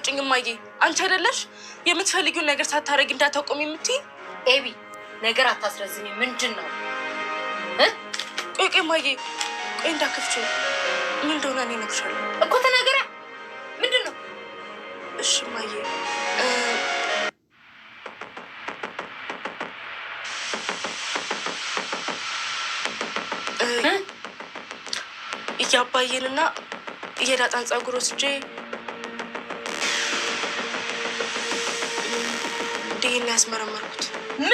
አትቆጭኝ እማዬ። አንቺ አይደለሽ የምትፈልጊውን ነገር ሳታረግ እንዳታቆሚ የምትይ? ኤቢ ነገር አታስረዝኝ። ምንድን ነው? ቆይ ቆይ እማዬ፣ ቆይ እንዳከፍችው ምን እንደሆነ እኔ እነግርሻለሁ እኮ ተናገረ ምንድን ነው? እሺ እማዬ እያባየንና የዳጣን ጸጉር ወስጄ ውድዬ ነው ያስመረመርኩት። ምን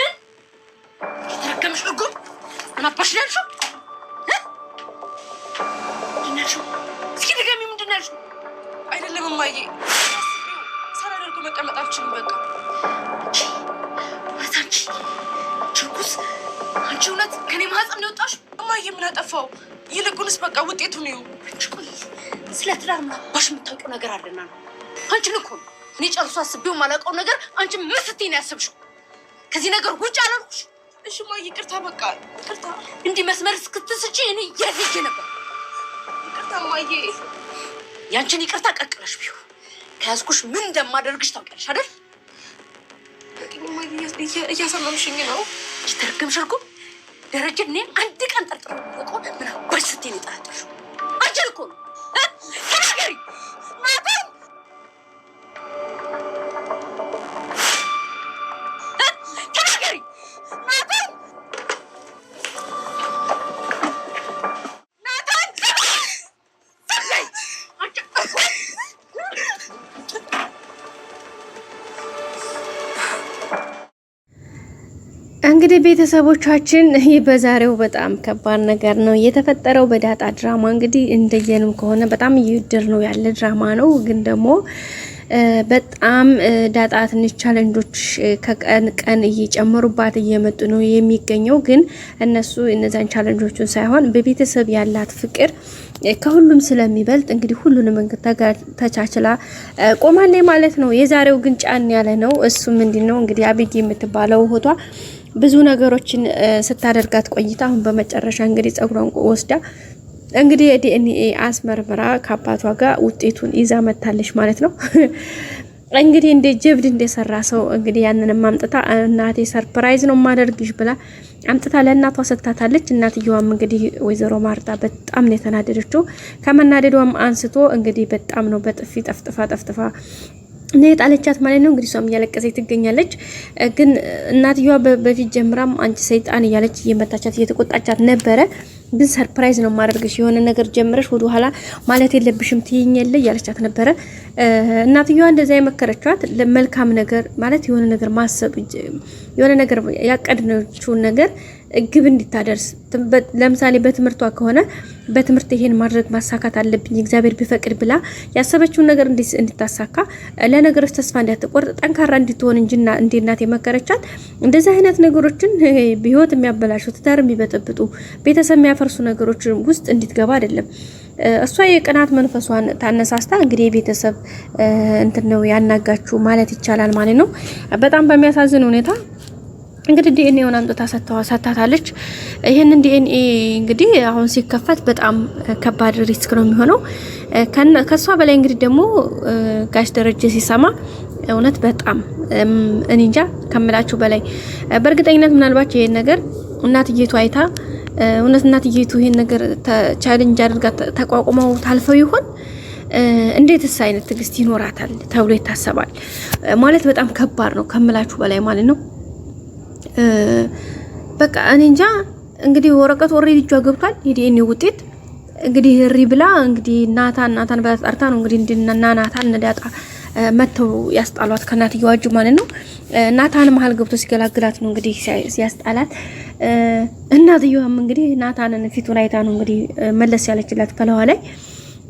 የተረገምሽ እርጉም! ምን አባሽ ነው ያልሽው? እስኪ ድገሚ፣ ምንድን ነው ያልሽው? አይደለም እማዬ፣ ሳላደርገው መቀመጥ አልችልም። በቃ አንቺ ችኩስ፣ አንቺ እውነት ከኔ ማህፀን ነው የወጣሽ? እማዬ፣ ምን አጠፋው? ይልቁንስ በቃ ውጤቱን ነው። ስለ ትዳር የምታውቂው ነገር አለና ነው? ነው እኔ ጨርሶ አስቤው ማላውቀው ነገር አንቺ ምን ስትይ ነው ያሰብሽው? ከዚህ ነገር ውጭ አላልኩሽ? እሺ ማ ይቅርታ፣ በቃ ይቅርታ። እንዲህ መስመር እስክትስጪ እኔ እያዘጌ ነበር። ይቅርታ ማዬ። ያንቺን ይቅርታ ቀቅለሽ ቢሆን ከያዝኩሽ ምን እንደማደርግሽ ታውቂያለሽ አይደል? እያሰመምሽኝ ነው። ተረገምሽ እርጎ ደረጀ፣ እኔን አንድ ቀን ጠርጥሮ ቆ ምን ስትይ ነው የጠረጠርሽው? አንቺን እኮ ነው እንግዲህ ቤተሰቦቻችን ይህ በዛሬው በጣም ከባድ ነገር ነው የተፈጠረው። በዳጣ ድራማ እንግዲህ እንደየንም ከሆነ በጣም እየውድር ነው ያለ ድራማ ነው። ግን ደግሞ በጣም ዳጣ ትንሽ ቻለንጆች ከቀን ቀን እየጨመሩባት እየመጡ ነው የሚገኘው። ግን እነሱ እነዛን ቻለንጆቹን ሳይሆን በቤተሰብ ያላት ፍቅር ከሁሉም ስለሚበልጥ እንግዲህ ሁሉንም ተቻችላ ቆማሌ ማለት ነው። የዛሬው ግን ጫን ያለ ነው። እሱ ምንድን ነው እንግዲህ አቤጌ የምትባለው እህቷ ብዙ ነገሮችን ስታደርጋት ቆይታ አሁን በመጨረሻ እንግዲህ ጸጉሯን ወስዳ እንግዲህ የዲኤንኤ አስመርምራ ከአባቷ ጋር ውጤቱን ይዛ መታለች ማለት ነው። እንግዲህ እንደ ጀብድ እንደሰራ ሰው እንግዲህ ያንንም አምጥታ እናቴ ሰርፕራይዝ ነው ማደርግሽ ብላ አምጥታ ለእናቷ ሰጥታታለች። እናትየዋም እንግዲህ ወይዘሮ ማርታ በጣም ነው የተናደደችው። ከመናደዷም አንስቶ እንግዲህ በጣም ነው በጥፊ ጠፍጥፋ ጠፍጥፋ እና የጣለቻት ማለት ነው እንግዲህ እሷም እያለቀሰች ትገኛለች። ግን እናትየዋ በፊት ጀምራም አንቺ ሰይጣን እያለች እየመታቻት እየተቆጣቻት ነበረ። ግን ሰርፕራይዝ ነው ማደርግሽ የሆነ ነገር ጀምረሽ ወደ ኋላ ማለት የለብሽም ትይኛለ እያለቻት ነበረ። እናትየዋ እንደዛ የመከረቻት መልካም ነገር ማለት የሆነ ነገር ማሰብ የሆነ ነገር ያቀድነችውን ነገር ግብ እንዲታደርስ ለምሳሌ በትምህርቷ ከሆነ በትምህርት ይሄን ማድረግ ማሳካት አለብኝ እግዚአብሔር ቢፈቅድ ብላ ያሰበችውን ነገር እንድታሳካ ለነገሮች ተስፋ እንዳትቆርጥ ጠንካራ እንድትሆን እንጂና እንደ እናት የመከረቻት እንደዚህ አይነት ነገሮችን ህይወት የሚያበላሹ ትዳር የሚበጠብጡ ቤተሰብ የሚያፈርሱ ነገሮች ውስጥ እንድትገባ አይደለም። እሷ የቅናት መንፈሷን ታነሳስታ እንግዲህ የቤተሰብ እንትን ነው ያናጋችሁ ማለት ይቻላል ማለት ነው። በጣም በሚያሳዝን ሁኔታ እንግዲህ ዲኤንኤውን አምጥታ ሰጥተዋ ይህንን ዲኤንኤ እንግዲህ አሁን ሲከፈት በጣም ከባድ ሪስክ ነው የሚሆነው። ከእሷ በላይ እንግዲህ ደግሞ ጋሽ ደረጀ ሲሰማ እውነት በጣም እኔ እንጃ ከምላችሁ በላይ በእርግጠኝነት ምናልባት ይህን ነገር እናትየቱ አይታ እውነት እናትየቱ ይሄን ነገር ቻሌንጅ አድርጋ ተቋቁመው ታልፈው ይሆን? እንዴትስ አይነት ትግስት ይኖራታል ተብሎ ይታሰባል። ማለት በጣም ከባድ ነው ከምላችሁ በላይ ማለት ነው። በቃ እኔ እንጃ እንግዲህ ወረቀቱ ኦልሬዲ እጇ ገብቷል። የዲኤንኤ ውጤት እንግዲህ ሪ ብላ እንግዲህ ናታን ናታን ብላ ተጣርታ ነው እንግዲህ ናናታን ነዳጣ መጥተው ያስጣሏት ከእናትየዋ እጅ ማለት ነው። ናታን መሀል ገብቶ ሲገላግላት ነው እንግዲህ ሲያስጣላት። እናትየዋም እንግዲህ ናታንን ፊቱን አይታ ነው እንግዲህ መለስ ያለችላት ከለዋ ላይ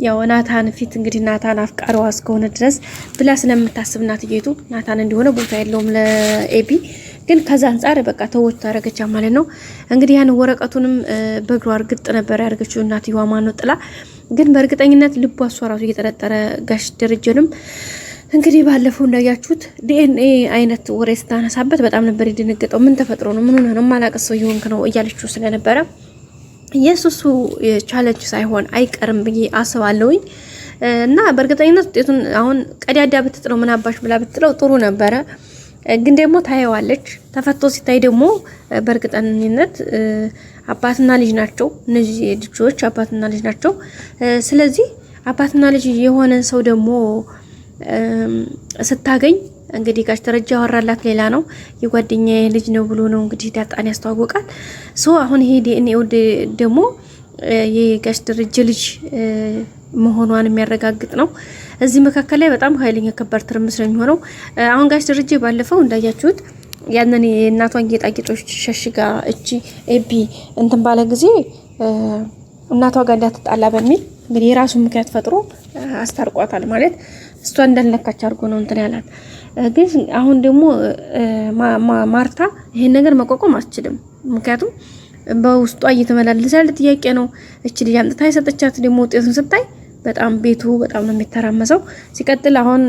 ያው ናታን ፊት እንግዲህ ናታን አፍቃሪዋ እስከሆነ ድረስ ብላ ስለምታስብ እናትየቱ ናታን እንዲሆነ ቦታ የለውም ለኤቢ ግን ከዛ አንጻር በቃ ተወች ታረገቻ ማለት ነው። እንግዲህ ያን ወረቀቱንም በእግሯ እርግጥ ነበር ያደርገችው እናትየዋ ማነው ጥላ። ግን በእርግጠኝነት ልቧ እሷ ራሱ እየጠረጠረ ጋሽ ደረጀንም እንግዲህ ባለፈው እንዳያችሁት ዲኤንኤ አይነት ወሬ ስታነሳበት በጣም ነበር የደነገጠው። ምን ተፈጥሮ ነው? ምን ሆነ ነው? ሰው የሆንክ ነው እያለችው ስለነበረ የሱሱ ቻለንጅ ሳይሆን አይቀርም ብዬ አስባለሁኝ። እና በእርግጠኝነት ውጤቱን አሁን ቀዳዳ ብትጥለው ምን አባሽ ብላ ብትጥለው ጥሩ ነበረ፣ ግን ደግሞ ታየዋለች። ተፈቶ ሲታይ ደግሞ በእርግጠኝነት አባትና ልጅ ናቸው እነዚህ ልጆች፣ አባትና ልጅ ናቸው። ስለዚህ አባትና ልጅ የሆነን ሰው ደግሞ ስታገኝ እንግዲህ ጋሽ ደረጃ ያወራላት ሌላ ነው። የጓደኛ ልጅ ነው ብሎ ነው እንግዲህ ዳጣን ያስተዋወቃል። ሶ አሁን ይሄ ዲኤንኤው ደግሞ የጋሽ ደረጃ ልጅ መሆኗን የሚያረጋግጥ ነው። እዚህ መካከል ላይ በጣም ኃይለኛ ከባድ ትርምስ ነው የሚሆነው። አሁን ጋሽ ደረጃ ባለፈው እንዳያችሁት ያንን የእናቷን ጌጣጌጦች ሸሽጋ እቺ ኤቢ እንትን ባለ ጊዜ እናቷ ጋር እንዳትጣላ በሚል እንግዲህ የራሱን ምክንያት ፈጥሮ አስታርቋታል ማለት እሷ እንዳልነካች አድርጎ ነው እንትን ያላት። ግን አሁን ደግሞ ማርታ ይሄን ነገር መቋቋም አትችልም። ምክንያቱም በውስጧ እየተመላለሰ ያለ ጥያቄ ነው። እች ልጅ አምጥታ የሰጠቻት ደግሞ ውጤቱን ስታይ በጣም ቤቱ በጣም ነው የሚተራመሰው። ሲቀጥል አሁን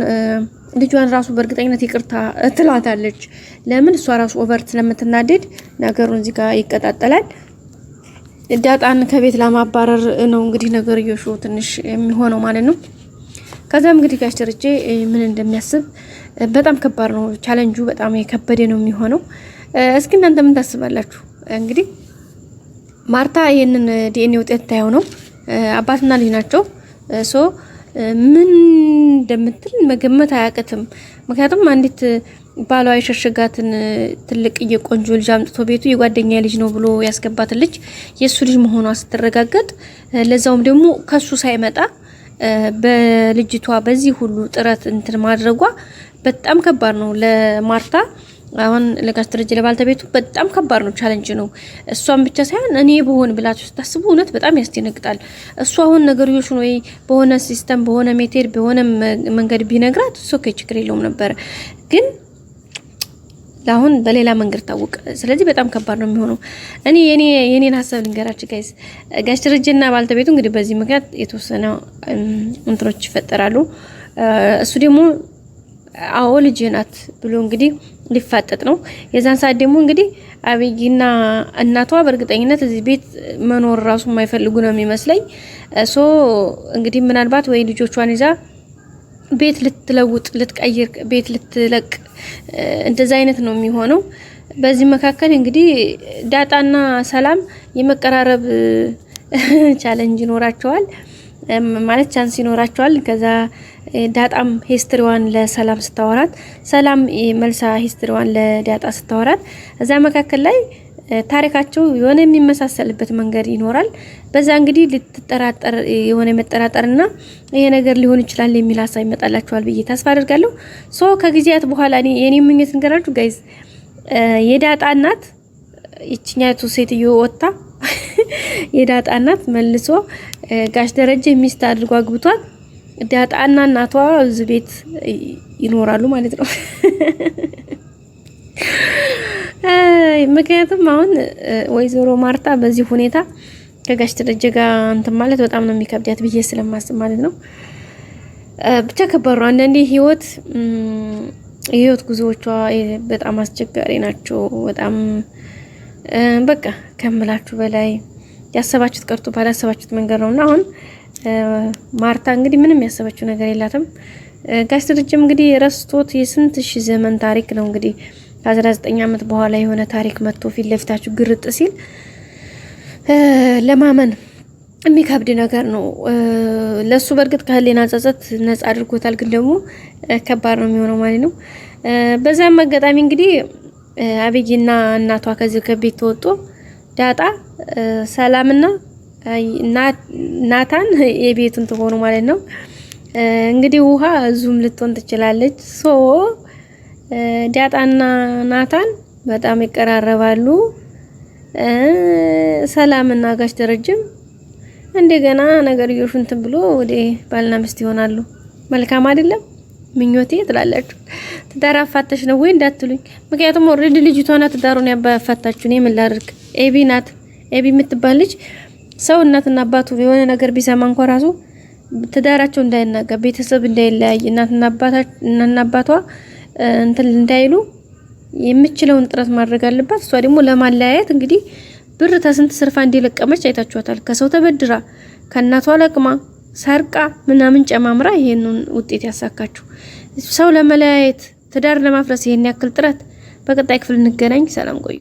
ልጇን ራሱ በእርግጠኝነት ይቅርታ ትላታለች። ለምን እሷ ራሱ ኦቨር ስለምትናደድ ነገሩን እዚህ ጋር ይቀጣጠላል። ዳጣን ከቤት ለማባረር ነው እንግዲህ እየሾ ትንሽ የሚሆነው ማለት ነው። ከዛም እንግዲህ ጋሽ ደረጀ ምን እንደሚያስብ በጣም ከባድ ነው። ቻለንጁ በጣም የከበደ ነው የሚሆነው። እስኪ እናንተ ምን ታስባላችሁ? እንግዲህ ማርታ ይህንን ዲኤንኤ ውጤት ታየው ነው። አባትና ልጅ ናቸው። ሶ ምን እንደምትል መገመት አያቅትም። ምክንያቱም አንዲት ባሏ የሸሸጋትን ትልቅ የቆንጆ ልጅ አምጥቶ ቤቱ የጓደኛ ልጅ ነው ብሎ ያስገባትን ልጅ የእሱ ልጅ መሆኗ ስትረጋገጥ፣ ለዛውም ደግሞ ከሱ ሳይመጣ በልጅቷ በዚህ ሁሉ ጥረት እንትን ማድረጓ በጣም ከባድ ነው ለማርታ አሁን ለጋስትረጅ ለባልተቤቱ በጣም ከባድ ነው፣ ቻለንጅ ነው። እሷን ብቻ ሳይሆን እኔ በሆን ብላችሁ ስታስቡ እውነት በጣም ያስደነግጣል። እሱ አሁን ነገርዮሽ ወይ በሆነ ሲስተም፣ በሆነ ሜቴድ፣ በሆነ መንገድ ቢነግራት እሱ ችግር የለውም ነበር ግን አሁን በሌላ መንገድ ታወቀ። ስለዚህ በጣም ከባድ ነው የሚሆነው። እኔ የኔ የኔን ሀሳብ ልንገራችሁ ጋይስ። ጋሽ ደረጀና ባልተቤቱ እንግዲህ በዚህ ምክንያት የተወሰነ እንትኖች ይፈጠራሉ። እሱ ደግሞ አዎ ልጅ ናት ብሎ እንግዲህ ሊፋጠጥ ነው። የዛን ሰዓት ደግሞ እንግዲህ አብይና እናቷ በእርግጠኝነት እዚህ ቤት መኖር ራሱ የማይፈልጉ ነው የሚመስለኝ። ሶ እንግዲህ ምናልባት ወይ ልጆቿን ይዛ ቤት ልትለውጥ ልትቀይር ቤት ልትለቅ እንደዚ አይነት ነው የሚሆነው። በዚህ መካከል እንግዲህ ዳጣና ሰላም የመቀራረብ ቻለንጅ ይኖራቸዋል ማለት ቻንስ ይኖራቸዋል። ከዛ ዳጣም ሂስትሪዋን ለሰላም ስታወራት፣ ሰላም መልሳ ሂስትሪዋን ለዳጣ ስታወራት እዛ መካከል ላይ ታሪካቸው የሆነ የሚመሳሰልበት መንገድ ይኖራል። በዛ እንግዲህ ልትጠራጠር የሆነ መጠራጠርና ይሄ ነገር ሊሆን ይችላል የሚል ሀሳብ ይመጣላችኋል ብዬ ተስፋ አድርጋለሁ። ሶ ከጊዜያት በኋላ እኔ የኔ ምኞት እንገራችሁ ጋይዝ፣ የዳጣ እናት ይችኛቱ ሴትዮ ወጥታ የዳጣ እናት መልሶ ጋሽ ደረጀ ሚስት አድርጎ አግብቷል። ዳጣና እናቷ እዚህ ቤት ይኖራሉ ማለት ነው። ምክንያቱም አሁን ወይዘሮ ማርታ በዚህ ሁኔታ ከጋሽ ደረጀ ጋር እንትን ማለት በጣም ነው የሚከብዳት ብዬ ስለማስብ ማለት ነው። ብቻ ከባድ ነው። አንዳንዴ ህይወት የህይወት ጉዞዎቿ በጣም አስቸጋሪ ናቸው። በጣም በቃ ከምላችሁ በላይ ያሰባችሁት ቀርቶ ባላሰባችሁት መንገድ ነው እና አሁን ማርታ እንግዲህ ምንም ያሰበችው ነገር የላትም። ጋሽ ደረጀም እንግዲህ ረስቶት የስንት ሺህ ዘመን ታሪክ ነው እንግዲህ ከ19 ዓመት በኋላ የሆነ ታሪክ መጥቶ ፊት ለፊታችሁ ግርጥ ሲል ለማመን የሚከብድ ነገር ነው። ለሱ በእርግጥ ከህሊና ጸጸት ነጻ አድርጎታል፣ ግን ደግሞ ከባድ ነው የሚሆነው ማለት ነው። በዛም አጋጣሚ እንግዲህ አብይና እናቷ ከዚህ ከቤት ተወጡ። ዳጣ ሰላምና ናታን የቤቱን ትሆኑ ማለት ነው። እንግዲህ ውሃ እዙም ልትሆን ትችላለች ሶ ዳጣና ናታን በጣም ይቀራረባሉ። ሰላምና ጋሽ ደረጀም እንደገና ነገርዮሹ እንትን ብሎ ወደ ባልና ሚስት ይሆናሉ። መልካም አይደለም ምኞቴ ትላላችሁ። ትዳር አፋታሽ ነው ወይ እንዳትሉኝ፣ ምክንያቱም ኦልሬዲ ልጅቷ ናት ትዳሩን ያባፋታችሁ። እኔ ምን ላድርግ? ኤቢ ናት። ኤቢ የምትባል ልጅ ሰው እናትና አባቱ የሆነ ነገር ቢሰማ እንኳ ራሱ ትዳራቸው እንዳይናጋ ቤተሰብ እንዳይለያይ እናትና አባቷ እንትን እንዳይሉ የምችለውን ጥረት ማድረግ አለባት። እሷ ደግሞ ለማለያየት እንግዲህ ብር ተስንት ስርፋ እንዲለቀመች አይታችኋታል። ከሰው ተበድራ ከእናቷ ለቅማ ሰርቃ ምናምን ጨማምራ ይሄንን ውጤት ያሳካችሁ። ሰው ለመለያየት ትዳር ለማፍረስ ይሄን ያክል ጥረት። በቀጣይ ክፍል እንገናኝ። ሰላም ቆዩ።